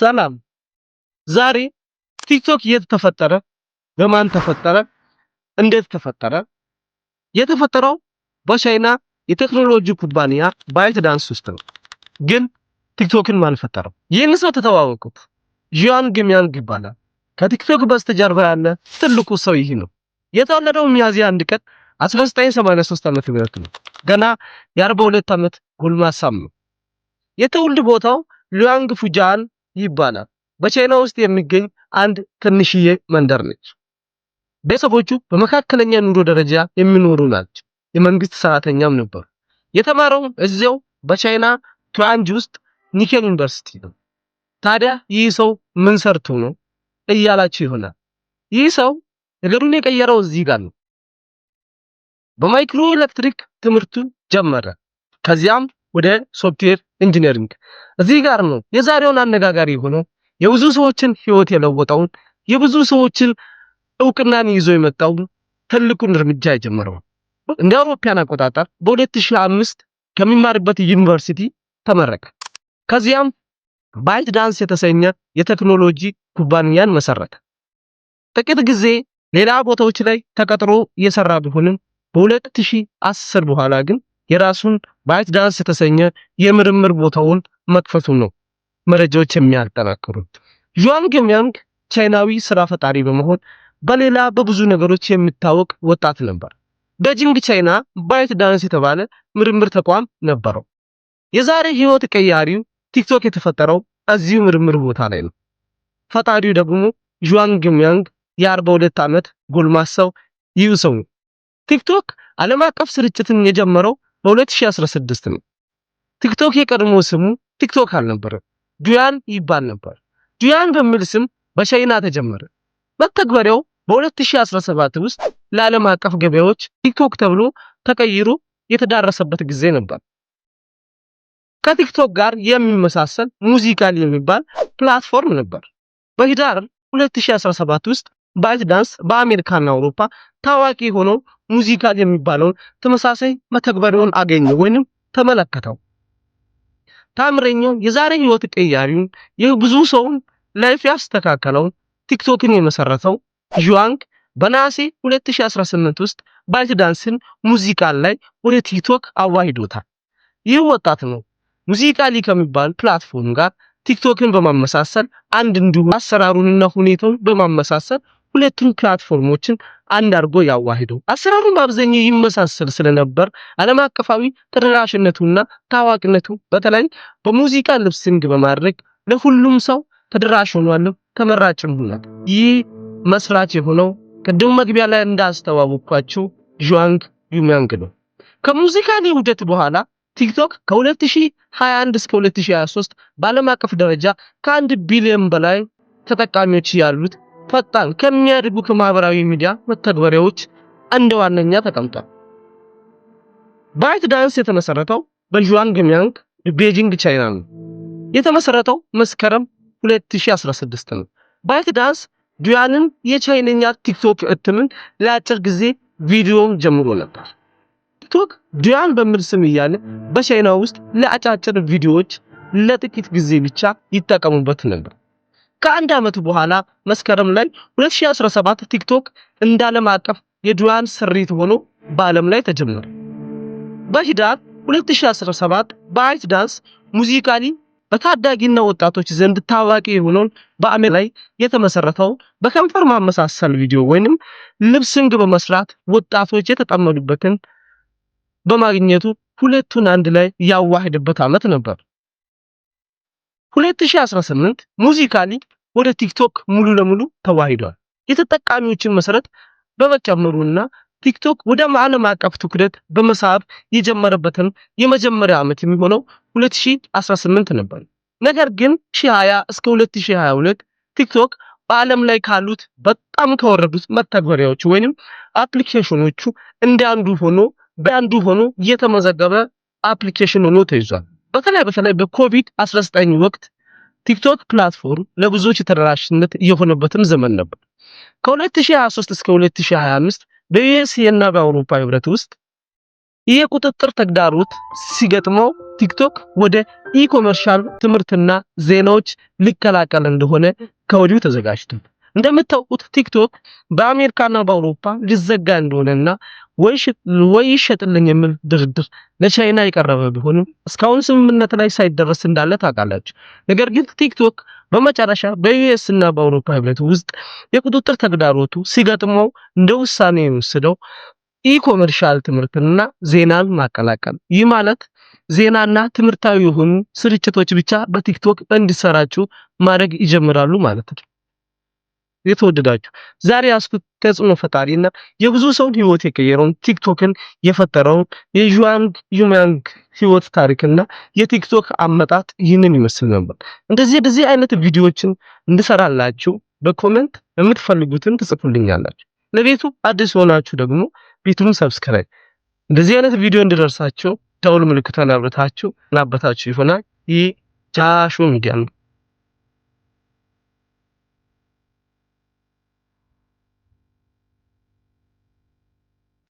ሰላም ዛሬ ቲክቶክ የት ተፈጠረ? በማን ተፈጠረ? እንዴት ተፈጠረ? የተፈጠረው በቻይና የቴክኖሎጂ ኩባንያ ባይት ዳንስ ውስጥ ነው። ግን ቲክቶክን ማን ፈጠረው? ይህን ሰው ተተዋወቁት። ዣንግ ሚያንግ ይባላል። ከቲክቶክ በስተጀርባ ያለ ትልቁ ሰው ይህ ነው። የተወለደው ሚያዝያ አንድ ቀን 1983 ዓመተ ምህረት ነው። ገና የ42 ዓመት ጎልማሳም ነው። የትውልድ ቦታው ሉያንግ ፉጃን ይባላል። በቻይና ውስጥ የሚገኝ አንድ ትንሽዬ መንደር ነች። ቤተሰቦቹ በመካከለኛ ኑሮ ደረጃ የሚኖሩ ናቸው። የመንግስት ሰራተኛም ነበሩ። የተማረው እዚያው በቻይና ቱአንጅ ውስጥ ኒኬል ዩኒቨርሲቲ ነው። ታዲያ ይህ ሰው ምን ሰርቶ ነው እያላችሁ ይሆናል። ይህ ሰው ነገሩን የቀየረው እዚህ ጋር ነው። በማይክሮ ኤሌክትሪክ ትምህርቱ ጀመረ። ከዚያም ወደ ሶፍትዌር ኢንጂነሪንግ። እዚህ ጋር ነው የዛሬውን አነጋጋሪ የሆነው የብዙ ሰዎችን ህይወት የለወጠውን የብዙ ሰዎችን እውቅናን ይዞ የመጣውን ትልቁን እርምጃ የጀመረው እንደ አውሮፓያን አቆጣጠር በ2005 ከሚማርበት ዩኒቨርሲቲ ተመረቀ። ከዚያም ባይት ዳንስ የተሰኘ የቴክኖሎጂ ኩባንያን መሰረተ። ጥቂት ጊዜ ሌላ ቦታዎች ላይ ተቀጥሮ እየሰራ ቢሆንም በ2010 በኋላ ግን የራሱን ባይት ዳንስ የተሰኘ የምርምር ቦታውን መክፈቱ ነው መረጃዎች የሚያጠናክሩት። ዩዋንግ የሚያንግ ቻይናዊ ስራ ፈጣሪ በመሆን በሌላ በብዙ ነገሮች የሚታወቅ ወጣት ነበር። በጂንግ ቻይና ባይት ዳንስ የተባለ ምርምር ተቋም ነበረው። የዛሬ ህይወት ቀያሪው ቲክቶክ የተፈጠረው እዚሁ ምርምር ቦታ ላይ ነው። ፈጣሪው ደግሞ ዥዋንግ ሚያንግ የ42 ዓመት ጎልማሳው ይህ ሰው ነው። ቲክቶክ ዓለም አቀፍ ስርጭትን የጀመረው በ2016 ነው። ቲክቶክ የቀድሞ ስሙ ቲክቶክ አልነበረም፣ ዱያን ይባል ነበር። ዱያን በሚል ስም በቻይና ተጀመረ። መተግበሪያው በ2017 ውስጥ ለዓለም አቀፍ ገበያዎች ቲክቶክ ተብሎ ተቀይሮ የተዳረሰበት ጊዜ ነበር። ከቲክቶክ ጋር የሚመሳሰል ሙዚቃል የሚባል ፕላትፎርም ነበር። በህዳር 2017 ውስጥ ባች ዳንስ በአሜሪካና አውሮፓ ታዋቂ የሆነው ሙዚቃ የሚባለውን ተመሳሳይ መተግበሪያውን አገኘ ወይንም ተመለከተው። ታምረኛው የዛሬ ህይወት ቀያሪውን የብዙ ሰውን ላይፍ ያስተካከለውን ቲክቶክን የመሰረተው ዥዋንግ በነሐሴ 2018 ውስጥ ባች ዳንስን ሙዚቃል ላይ ወደ ቲክቶክ አዋሂዶታል። ይህ ወጣት ነው ሙዚቃሊ ከሚባል ፕላትፎርም ጋር ቲክቶክን በማመሳሰል አንድ እንዲሁ አሰራሩንና ሁኔታውን በማመሳሰል ሁለቱን ፕላትፎርሞችን አንድ አድርጎ ያዋሂደው አሰራሩን በአብዛኛው ይመሳሰል ስለነበር ዓለም አቀፋዊ ተደራሽነቱና ታዋቂነቱ በተለይ በሙዚቃ ልብስንግ በማድረግ ለሁሉም ሰው ተደራሽ ሆኗል፣ ተመራጭም ሆኗል። ይህ መስራች የሆነው ቅድም መግቢያ ላይ እንዳስተዋወቅኳችሁ ዣንግ ዩሚያንግ ነው። ከሙዚቃ ውህደት በኋላ ቲክቶክ ከ2021 እስከ 2023 በዓለም አቀፍ ደረጃ ከአንድ ቢሊዮን በላይ ተጠቃሚዎች ያሉት ፈጣን ከሚያድጉ ማህበራዊ ሚዲያ መተግበሪያዎች እንደ ዋነኛ ተቀምጧል። ባይት ዳንስ የተመሰረተው በዥዋንግ ሚያንግ ቤጂንግ ቻይና ነው። የተመሰረተው መስከረም 2016 ነው። ባይት ዳንስ ዱያንን የቻይንኛ ቲክቶክ እትምን ለአጭር ጊዜ ቪዲዮም ጀምሮ ነበር። ቲክቶክ ዱያን በሚል ስም እያለ በቻይና ውስጥ ለአጫጭር ቪዲዮዎች ለጥቂት ጊዜ ብቻ ይጠቀሙበት ነበር። ከአንድ ዓመት በኋላ መስከረም ላይ 2017 ቲክቶክ እንደ ዓለም አቀፍ የድዋን ስሪት ሆኖ በዓለም ላይ ተጀመረ። በሂዳር 2017 በአይት ዳንስ ሙዚካሊ በታዳጊና ወጣቶች ዘንድ ታዋቂ የሆነውን በአሜ ላይ የተመሰረተው በከንፈር ማመሳሰል ቪዲዮ ወይንም ልብስንግ በመስራት ወጣቶች የተጠመዱበትን በማግኘቱ ሁለቱን አንድ ላይ ያዋህደበት ዓመት ነበር። 2018 ሙዚካሊ ወደ ቲክቶክ ሙሉ ለሙሉ ተዋሂዷል። የተጠቃሚዎችን መሰረት በመጨመሩና ቲክቶክ ወደ ዓለም አቀፍ ትኩረት በመሳብ የጀመረበትን የመጀመሪያ ዓመት የሚሆነው 2018 ነበር። ነገር ግን 2020 እስከ 2022 ቲክቶክ በዓለም ላይ ካሉት በጣም ከወረዱት መተግበሪያዎች ወይንም አፕሊኬሽኖቹ አንዱ ሆኖ በአንዱ ሆኖ የተመዘገበ አፕሊኬሽን ሆኖ ተይዟል። በተለይ በተለይ በኮቪድ 19 ወቅት ቲክቶክ ፕላትፎርም ለብዙዎች ተደራሽነት እየሆነበትም ዘመን ነበር። ከ2023 እስከ 2025 በዩኤስ እና በአውሮፓ ህብረት ውስጥ ይህ ቁጥጥር ተግዳሮት ሲገጥመው ቲክቶክ ወደ ኢኮመርሻል ትምህርትና ዜናዎች ሊቀላቀል እንደሆነ ከወዲሁ ተዘጋጅቷል። እንደምታውቁት ቲክቶክ በአሜሪካና በአውሮፓ ሊዘጋ እንደሆነና ወይ ይሸጥልኝ የሚል ድርድር ለቻይና የቀረበ ቢሆንም እስካሁን ስምምነት ላይ ሳይደረስ እንዳለ ታውቃላችሁ። ነገር ግን ቲክቶክ በመጨረሻ በዩኤስ እና በአውሮፓ ህብረት ውስጥ የቁጥጥር ተግዳሮቱ ሲገጥመው እንደ ውሳኔ የሚወስደው ኢኮመርሻል ትምህርትንና ዜናን ማቀላቀል። ይህ ማለት ዜናና ትምህርታዊ የሆኑ ስርጭቶች ብቻ በቲክቶክ እንዲሰራጩ ማድረግ ይጀምራሉ ማለት ነው። የተወደዳችሁ ዛሬ ያስኩት ተጽዕኖ ፈጣሪና የብዙ ሰውን ህይወት የቀየረውን ቲክቶክን የፈጠረውን የዥዋንግ ዩማንግ ህይወት ታሪክና የቲክቶክ አመጣጥ ይህንን ይመስል ነበር። እንደዚህ እንደዚህ አይነት ቪዲዮዎችን እንድሰራላችሁ በኮመንት የምትፈልጉትን ትጽፉልኛላችሁ። ለቤቱ አዲስ ሆናችሁ ደግሞ ቤቱን ሰብስክራይብ፣ እንደዚህ አይነት ቪዲዮ እንድደርሳችሁ ደውል ምልክቷን አብርታችሁ ላበታችሁ ይሆናል። ይህ ጃሾ ሚዲያ ነው።